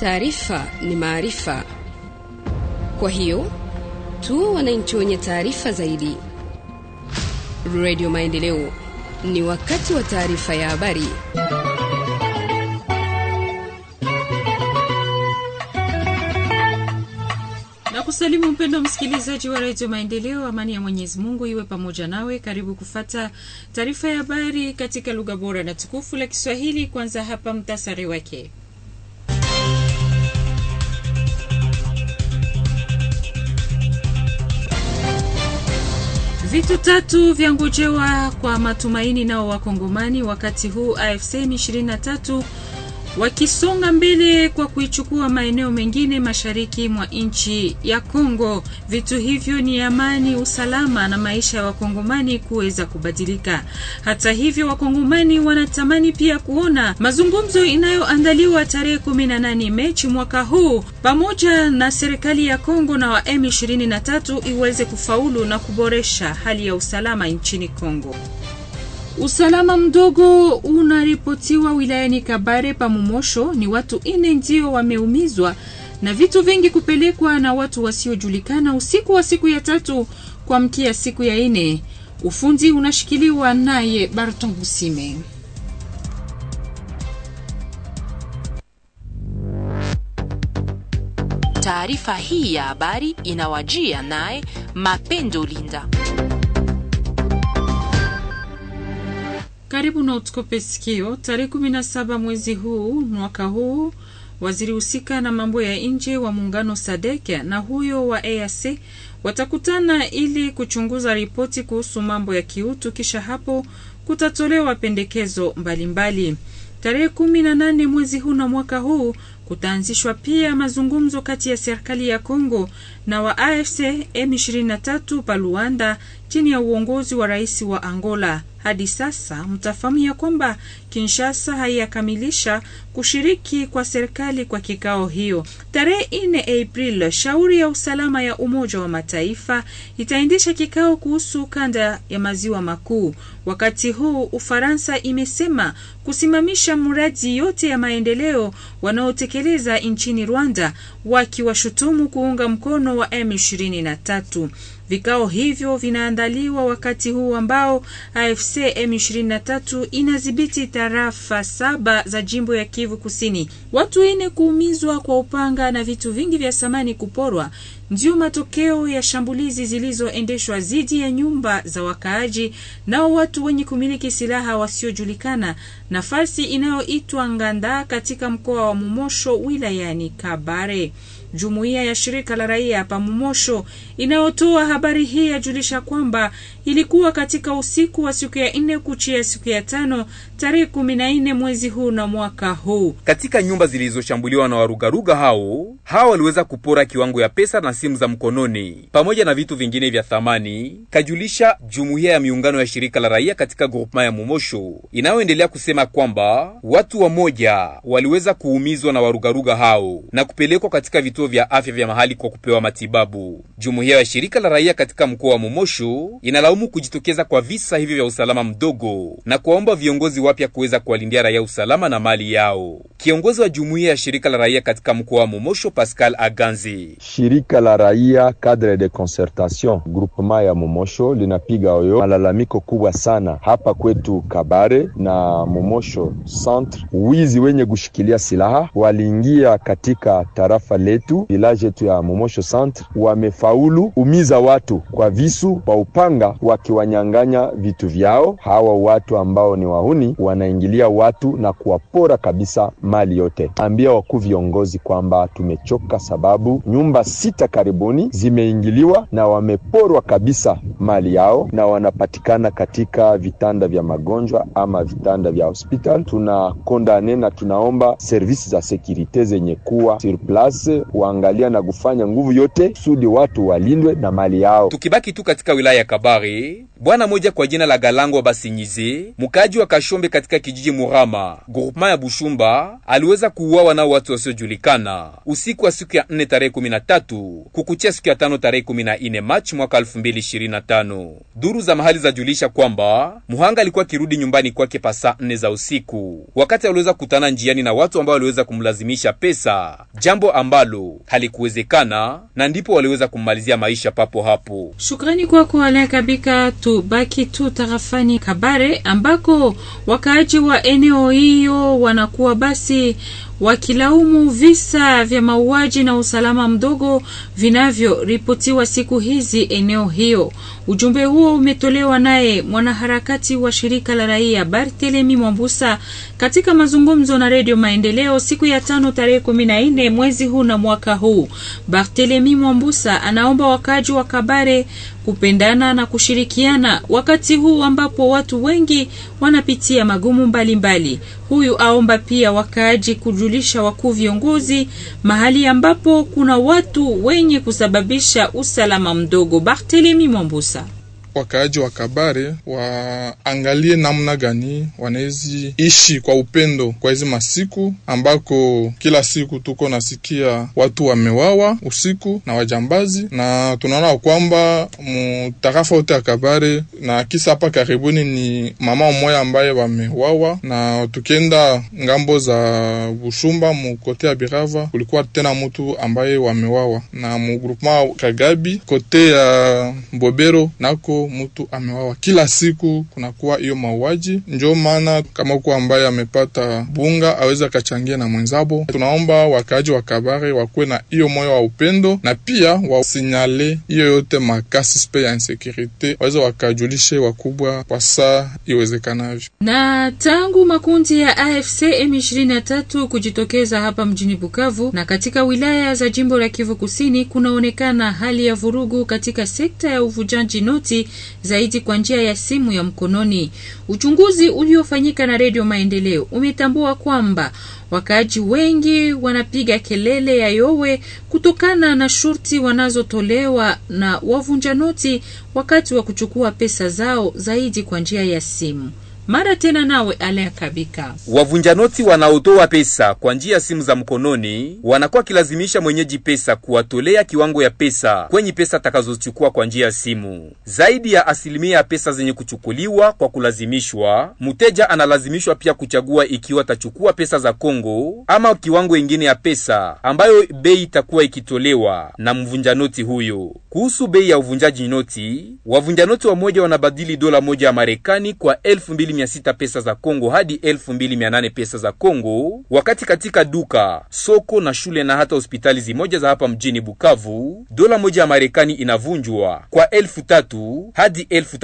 Taarifa ni maarifa, kwa hiyo tu wananchi wenye taarifa zaidi. Radio Maendeleo, ni wakati wa taarifa ya habari. Nakusalimu mpendo msikilizaji wa redio Maendeleo. Amani ya Mwenyezi Mungu iwe pamoja nawe. Karibu kufata taarifa ya habari katika lugha bora na tukufu la Kiswahili. Kwanza hapa mtasari wake. Vitu tatu vyangojewa kwa matumaini nao wakongomani wakati huu AFC 23 wakisonga mbele kwa kuichukua maeneo mengine mashariki mwa nchi ya Kongo. Vitu hivyo ni amani, usalama na maisha ya wa wakongomani kuweza kubadilika. Hata hivyo, wakongomani wanatamani pia kuona mazungumzo inayoandaliwa tarehe 18 Mechi mwaka huu pamoja na serikali ya Kongo na wa M23 iweze kufaulu na kuboresha hali ya usalama nchini Kongo. Usalama mdogo unaripotiwa wilayani Kabare pa Mumosho. ni watu ine ndio wameumizwa na vitu vingi kupelekwa na watu wasiojulikana usiku wa siku ya tatu kuamkia siku ya ine. Ufundi unashikiliwa naye Barton Busime. Taarifa hii ya habari inawajia naye Mapendo Linda. Karibu na utukope sikio. Tarehe kumi na saba mwezi huu mwaka huu, waziri husika na mambo ya nje wa muungano SADC na huyo wa EAC watakutana ili kuchunguza ripoti kuhusu mambo ya kiutu, kisha hapo kutatolewa pendekezo mbalimbali. Tarehe kumi na nane mwezi huu na mwaka huu kutaanzishwa pia mazungumzo kati ya serikali ya Kongo na wa AFC e, M23 pa Luanda chini ya uongozi wa rais wa Angola hadi sasa mtafahamu ya kwamba Kinshasa haiyakamilisha kushiriki kwa serikali kwa kikao hiyo. Tarehe 4 April, shauri ya usalama ya Umoja wa Mataifa itaendesha kikao kuhusu kanda ya maziwa makuu. Wakati huu Ufaransa imesema kusimamisha mradi yote ya maendeleo wanaotekeleza nchini Rwanda, wakiwashutumu kuunga mkono wa M23. Vikao hivyo vinaandaliwa wakati huu ambao AFC M23 inadhibiti tarafa saba za jimbo ya Kivu Kusini. Watu ine kuumizwa kwa upanga na vitu vingi vya samani kuporwa ndio matokeo ya shambulizi zilizoendeshwa dhidi ya nyumba za wakaaji nao watu wenye kumiliki silaha wasiojulikana nafasi inayoitwa Nganda katika mkoa wa Mumosho wilayani Kabare. Jumuiya ya shirika la raia Pamumosho inayotoa habari hii yajulisha kwamba Ilikuwa katika usiku wa siku ya nne kuchia siku ya tano tarehe kumi na nne mwezi huu na mwaka huu. Katika nyumba zilizoshambuliwa na warugaruga hao, hao waliweza kupora kiwango ya pesa na simu za mkononi pamoja na vitu vingine vya thamani, kajulisha jumuiya ya miungano ya shirika la raia katika grupema ya Mumosho inayoendelea kusema kwamba watu wamoja waliweza kuumizwa na warugaruga hao na kupelekwa katika vituo vya afya vya mahali kwa kupewa matibabu. Jumuiya ya shirika la raia katika mkoa wa Mumosho inalaumu kulaumu kujitokeza kwa visa hivyo vya usalama mdogo na kuwaomba viongozi wapya kuweza kuwalindia raia usalama na mali yao. Kiongozi wa jumuiya ya shirika la raia katika mkoa wa Momosho, Pascal Aganzi: shirika la raia cadre de concertation groupement ya Momosho linapiga oyo malalamiko kubwa sana hapa kwetu Kabare na Momosho centre. Wizi wenye kushikilia silaha waliingia katika tarafa letu village yetu ya Momosho centre, wamefaulu umiza watu kwa visu kwa upanga wakiwanyang'anya vitu vyao. Hawa watu ambao ni wahuni wanaingilia watu na kuwapora kabisa mali yote. Ambia wakuu viongozi kwamba tumechoka, sababu nyumba sita karibuni zimeingiliwa na wameporwa kabisa mali yao, na wanapatikana katika vitanda vya magonjwa ama vitanda vya hospital. tuna kondane na tunaomba servisi za sekurite zenye kuwa sur place kuangalia na kufanya nguvu yote kusudi watu walindwe na mali yao. Tukibaki tu katika wilaya ya Kabare way Bwana moja kwa jina la wa Basinyize, mkaji wa Kashombe katika kijiji Murama, groupema ya Bushumba, aliweza kuuawa na watu wasiojulikana usiku wa siku ya 4 tarehe 13 kukuchia siku ya 5 tarehe 14 Machi mwaka 2025. Duru za mahali zajulisha kwamba muhanga alikuwa akirudi nyumbani kwake pasaa 4 za usiku, wakati aliweza kutana njiani na watu ambao waliweza kumlazimisha pesa, jambo ambalo halikuwezekana, na ndipo waliweza kummalizia maisha papo hapo. Shukrani kwako Alekabika tubaki tu tarafani Kabare ambako wakaaji wa eneo hiyo wanakuwa basi wakilaumu visa vya mauaji na usalama mdogo vinavyoripotiwa siku hizi eneo hiyo. Ujumbe huo umetolewa naye mwanaharakati wa shirika la raia Barthelemy Mwambusa katika mazungumzo na Redio Maendeleo siku ya tano tarehe kumi na nne mwezi huu na mwaka huu. Barthelemy Mwambusa anaomba wakaaji wa Kabare kupendana na kushirikiana wakati huu ambapo watu wengi wanapitia magumu mbalimbali mbali. Huyu aomba pia wakaaji kujulisha wakuu viongozi mahali ambapo kuna watu wenye kusababisha usalama mdogo. Bartelemi Mwambusa wakaaji wa Kabare waangalie namna gani wanaezi ishi kwa upendo kwa hizi masiku ambako kila siku tuko nasikia watu wamewawa usiku na wajambazi, na tunaona kwamba mutarafa wote ya Kabare na kisa hapa karibuni ni mama mmoja ambaye wamewawa, na tukienda ngambo za Bushumba mukote ya Birava kulikuwa tena mutu ambaye wamewawa, na mugrupema Kagabi kote ya Mbobero nako mtu amewawa kila siku, kunakuwa hiyo mauaji. njo maana kama uko ambaye amepata bunga aweze akachangia na mwenzabo. Tunaomba wakaaji wa Kabare wakuwe na hiyo moyo wa upendo na pia wasinyale hiyo yote makasi ya insecurity, waweze wakajulishe wakubwa kwa saa iwezekanavyo. Na tangu makundi ya AFC M23 kujitokeza hapa mjini Bukavu na katika wilaya za jimbo la Kivu Kusini, kunaonekana hali ya vurugu katika sekta ya uvujaji noti zaidi kwa njia ya simu ya mkononi. Uchunguzi uliofanyika na Redio Maendeleo umetambua kwamba wakaaji wengi wanapiga kelele ya yowe kutokana na shurti wanazotolewa na wavunja noti wakati wa kuchukua pesa zao zaidi kwa njia ya simu. Mara tena nawe aliakabika. Wavunjanoti wanaotoa pesa kwa njia ya simu za mkononi wanakuwa wakilazimisha mwenyeji pesa kuwatolea kiwango ya pesa kwenye pesa atakazochukua kwa njia ya simu. Zaidi ya asilimia ya pesa zenye kuchukuliwa kwa kulazimishwa, mteja analazimishwa pia kuchagua ikiwa atachukua pesa za Kongo ama kiwango ingine ya pesa ambayo bei itakuwa ikitolewa na noti huyo kuhusu bei ya uvunjaji noti. Wavunja noti wamoja wanabadili dola moja ya Marekani kwa 2600 pesa za Kongo hadi 2800 pesa za Kongo, wakati katika duka, soko na shule na hata hospitali zimoja za hapa mjini Bukavu dola moja ya Marekani inavunjwa kwa elfu hadi elfu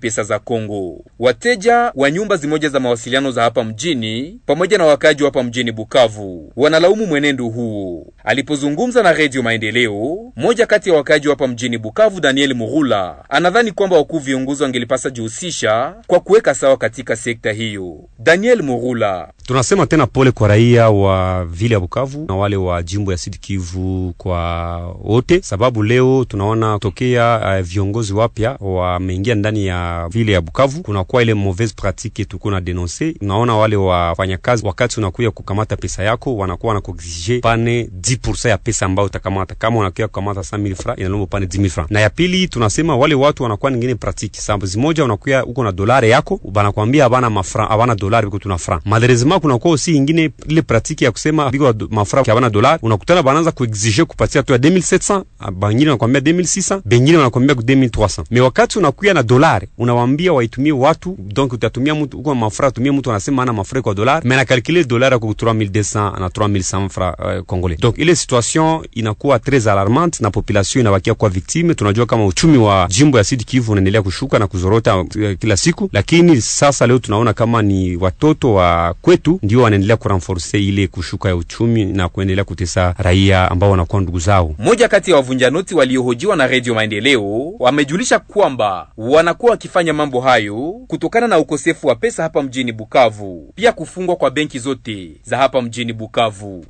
pesa za Kongo. Wateja wa nyumba zimoja za mawasiliano za hapa mjini pamoja na wakaaji wa hapa mjini Bukavu wanalaumu mwenendo huu. Alipozungumza na Radio Maendeleo, moja kati ya wakaaji wa kwa mjini Bukavu, Daniel Murula anadhani kwamba wakuu viongozi wangelipasa jihusisha kwa kuweka sawa katika sekta hiyo. Daniel Murula: tunasema tena pole kwa raia wa vile ya Bukavu na wale wa jimbo ya Sud Kivu kwa wote, sababu leo tunaona tokea uh, viongozi wapya wameingia ndani ya vile ya Bukavu, kunakuwa ile mauvaise pratique tuko na denonse. Tunaona wale wafanyakazi wakati unakuya kukamata pesa yako wanakuwa wanakuexige pane 10% ya pesa ambayo utakamata, kama unakuya kukamata 100000 francs kidogo pane 10000 na ya pili tunasema wale watu wanakuwa ningine pratique sambo zimoja unakuwa uko na dolari yako banakwambia hapana mafra hapana dolari biko tuna franc malheureusement kuna kwa aussi ingine ile pratique ya kusema biko mafra hapana dolari unakutana banaanza kuexige kupatia tu 2700 bangine wanakuambia 2600 bengine wanakuambia 2300 me wakati unakuwa na dolari unawaambia waitumie watu donc utatumia mtu uko mafra tumie mtu anasema ana mafra kwa dolari mais na calculer dolari kwa 3200 na 3100 francs euh, congolais donc ile situation inakuwa très alarmante na population inabakia kufikia kwa viktime. Tunajua kama uchumi wa jimbo ya Sud Kivu unaendelea kushuka na kuzorota eh, kila siku, lakini sasa leo tunaona kama ni watoto wa kwetu ndio wanaendelea kuranforce ile kushuka ya uchumi na kuendelea kutesa raia ambao wanakuwa ndugu zao. Mmoja kati ya wavunja noti waliohojiwa na Redio Maendeleo wamejulisha kwamba wanakuwa wakifanya mambo hayo kutokana na ukosefu wa pesa hapa mjini Bukavu, pia kufungwa kwa benki zote za hapa mjini Bukavu.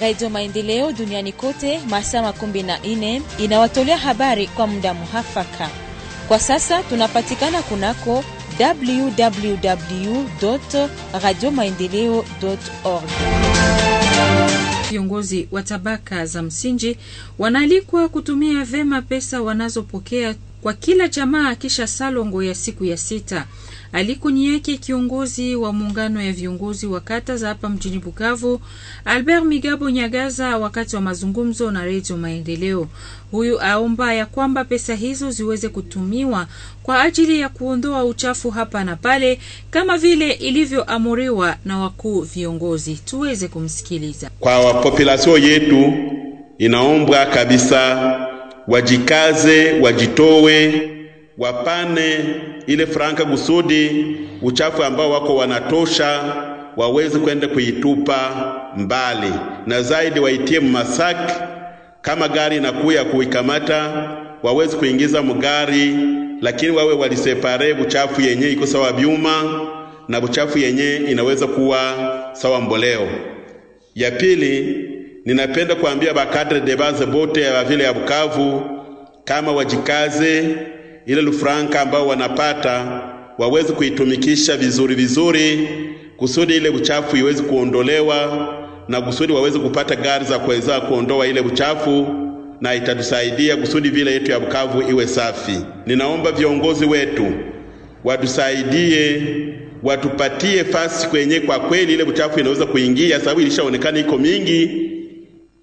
Redio Maendeleo duniani kote masaa 14 inawatolea habari kwa muda muhafaka. Kwa sasa tunapatikana kunako www radio maendeleo org. Viongozi wa tabaka za msingi wanaalikwa kutumia vema pesa wanazopokea kwa kila jamaa kisha salongo ya siku ya sita. Aliko yake kiongozi wa muungano ya viongozi wa kata za hapa mjini Bukavu, Albert Migabo Nyagaza, wakati wa mazungumzo na Redio Maendeleo. Huyu aomba ya kwamba pesa hizo ziweze kutumiwa kwa ajili ya kuondoa uchafu hapa na pale kama vile ilivyoamuriwa na wakuu viongozi. Tuweze kumsikiliza. Kwa populasio yetu inaombwa kabisa wajikaze, wajitowe, wapane ile franka gusudi uchafu ambao wako wanatosha waweze kwenda kuitupa mbali, na zaidi waitie mmasaki. Kama gari inakuya kuikamata waweze kuingiza mgari, lakini wawe walisepare buchafu yenye iko sawa vyuma na buchafu yenye inaweza kuwa sawa mboleo. Ya pili, ninapenda kuambia bakadre de base bote ya vile ya Bukavu kama wajikaze ile lufranka ambao wanapata waweze kuitumikisha vizuri vizuri, kusudi ile uchafu iweze kuondolewa na kusudi waweze kupata gari za kuweza kuondoa ile uchafu, na itatusaidia kusudi vile yetu ya Bukavu iwe safi. Ninaomba viongozi wetu watusaidie, watupatie fasi kwenye kwa kweli ile uchafu inaweza kuingia, sababu ilishaonekana iko mingi.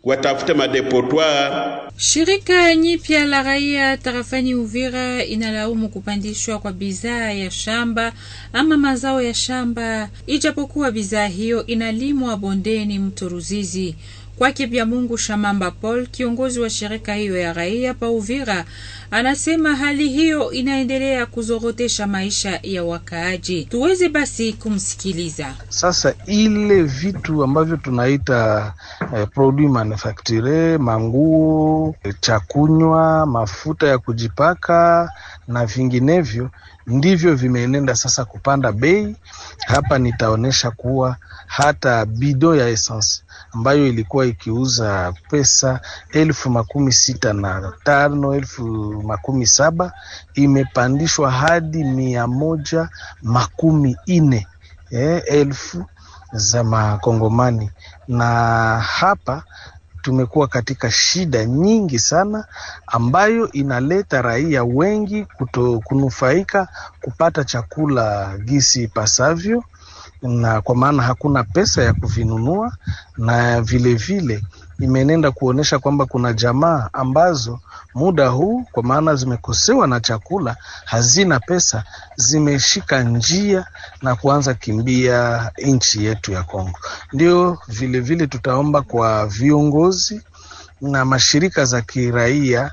Watafute madepotoir Shirika nyipya la raia tarafani Uvira inalaumu kupandishwa kwa bidhaa ya shamba ama mazao ya shamba, ijapokuwa bidhaa hiyo inalimwa bondeni mto Ruzizi. Kwake Bya Mungu Shamamba Paul, kiongozi wa shirika hiyo ya raia pa Uvira, anasema hali hiyo inaendelea kuzorotesha maisha ya wakaaji. Tuweze basi kumsikiliza. Sasa ile vitu ambavyo tunaita eh, produit manufacture manguo cha kunywa, mafuta ya kujipaka na vinginevyo, ndivyo vimeenenda sasa kupanda bei. Hapa nitaonyesha kuwa hata bido ya essence ambayo ilikuwa ikiuza pesa elfu makumi sita na tano elfu makumi saba imepandishwa hadi mia moja makumi nne eh, elfu za makongomani na hapa tumekuwa katika shida nyingi sana ambayo inaleta raia wengi kuto, kunufaika kupata chakula gisi ipasavyo, na kwa maana hakuna pesa ya kuvinunua na vilevile vile, imenenda kuonesha kwamba kuna jamaa ambazo muda huu kwa maana zimekosewa na chakula, hazina pesa, zimeshika njia na kuanza kimbia nchi yetu ya Kongo. Ndio vilevile tutaomba kwa viongozi na mashirika za kiraia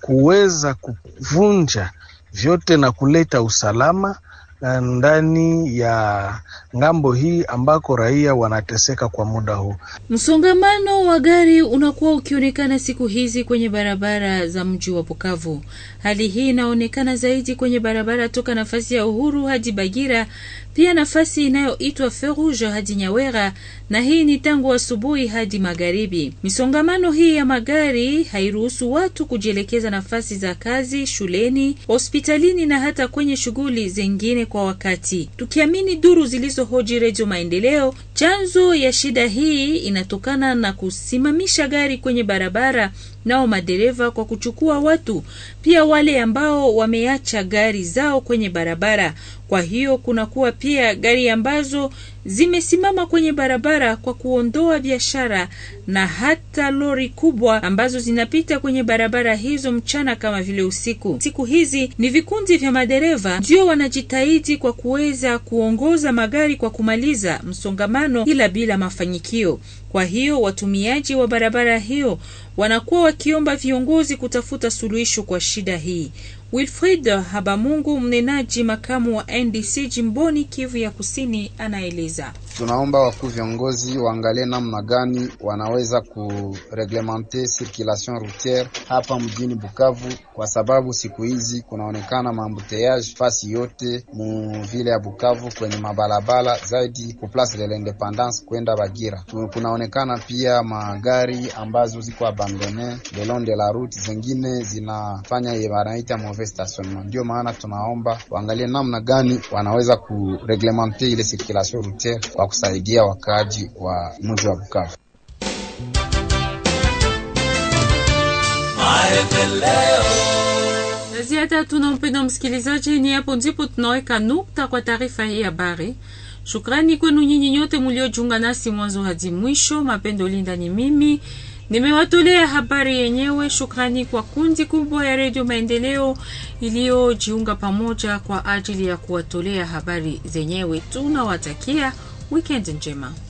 kuweza kuvunja vyote na kuleta usalama Eh, ndani ya ngambo hii ambako raia wanateseka kwa muda huu. Msongamano wa gari unakuwa ukionekana siku hizi kwenye barabara za mji wa Bukavu. Hali hii inaonekana zaidi kwenye barabara toka nafasi ya Uhuru hadi Bagira, pia nafasi inayoitwa Feruge hadi Nyawera, na hii ni tangu asubuhi hadi magharibi. Misongamano hii ya magari hairuhusu watu kujielekeza nafasi za kazi, shuleni, hospitalini na hata kwenye shughuli zingine kwa wakati. Tukiamini duru zilizohoji Redio Maendeleo, chanzo ya shida hii inatokana na kusimamisha gari kwenye barabara, nao madereva kwa kuchukua watu, pia wale ambao wameacha gari zao kwenye barabara. Kwa hiyo kunakuwa pia gari ambazo zimesimama kwenye barabara kwa kuondoa biashara na hata lori kubwa ambazo zinapita kwenye barabara hizo mchana kama vile usiku. Siku hizi ni vikundi vya madereva ndio wanajitahidi kwa kuweza kuongoza magari kwa kumaliza msongamano, ila bila mafanikio. Kwa hiyo watumiaji wa barabara hiyo wanakuwa wakiomba viongozi kutafuta suluhisho kwa shida hii. Wilfred Habamungu, mnenaji makamu wa NDC jimboni Kivu ya Kusini, anaeleza tunaomba wakuu viongozi waangalie namna gani wanaweza kureglementer circulation routiere hapa mjini Bukavu, kwa sababu siku hizi kunaonekana maambuteage fasi yote mu vile ya Bukavu, kwenye mabalabala zaidi ku Place de l'Independance kwenda Bagira. Kunaonekana pia magari ambazo ziko abandone le long de la route, zingine zinafanya yebanaita mauvais stationnement. Ndio maana tunaomba waangalie namna gani wanaweza kureglementer ile circulation routiere kwa kusaidia wakaaji wa mji wa Bukavu. Ziada hatuna mpendo msikilizaji, ni hapo ndipo tunaweka nukta kwa taarifa hii habari. Shukrani kwenu nyinyi nyote mliojiunga nasi mwanzo hadi mwisho. Mapendo Linda ni mimi nimewatolea habari yenyewe. Shukrani kwa kundi kubwa ya Redio Maendeleo iliyojiunga pamoja kwa ajili ya kuwatolea habari zenyewe. Tunawatakia Weekend in Gemma